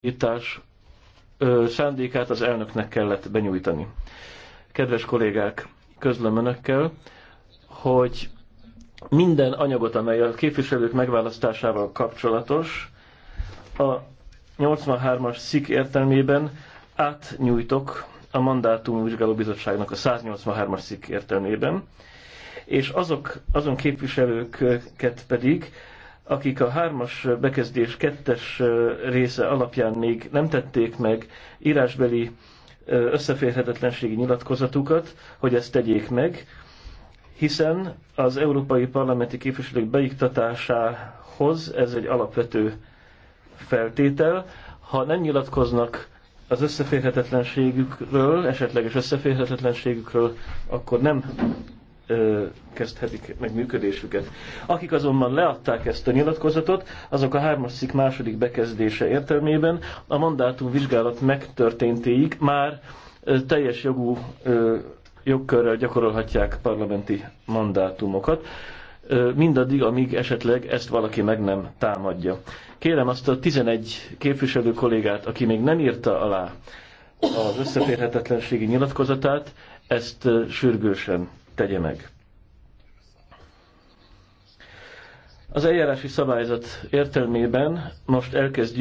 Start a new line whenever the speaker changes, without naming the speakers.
írtás szándékát az elnöknek kellett benyújtani. Kedves kollégák, közlöm önökkel, hogy minden anyagot, amely a képviselők megválasztásával kapcsolatos, a 83-as szik értelmében átnyújtok a mandátum vizsgáló bizottságnak a 183-as szik értelmében, és azok, azon képviselőket pedig, akik a hármas bekezdés kettes része alapján még nem tették meg írásbeli összeférhetetlenségi nyilatkozatukat, hogy ezt tegyék meg, hiszen az európai parlamenti képviselők beiktatásához ez egy alapvető feltétel. Ha nem nyilatkoznak az összeférhetetlenségükről, esetleges összeférhetetlenségükről, akkor nem kezdhetik meg működésüket. Akik azonban leadták ezt a nyilatkozatot, azok a hármas cikk második bekezdése értelmében a mandátum vizsgálat megtörténtéig már teljes jogú jogkörrel gyakorolhatják parlamenti mandátumokat, mindaddig, amíg esetleg ezt valaki meg nem támadja. Kérem azt a 11 képviselő kollégát, aki még nem írta alá az összeférhetetlenségi nyilatkozatát, ezt sürgősen tegye meg. Az eljárási szabályzat értelmében most elkezdjük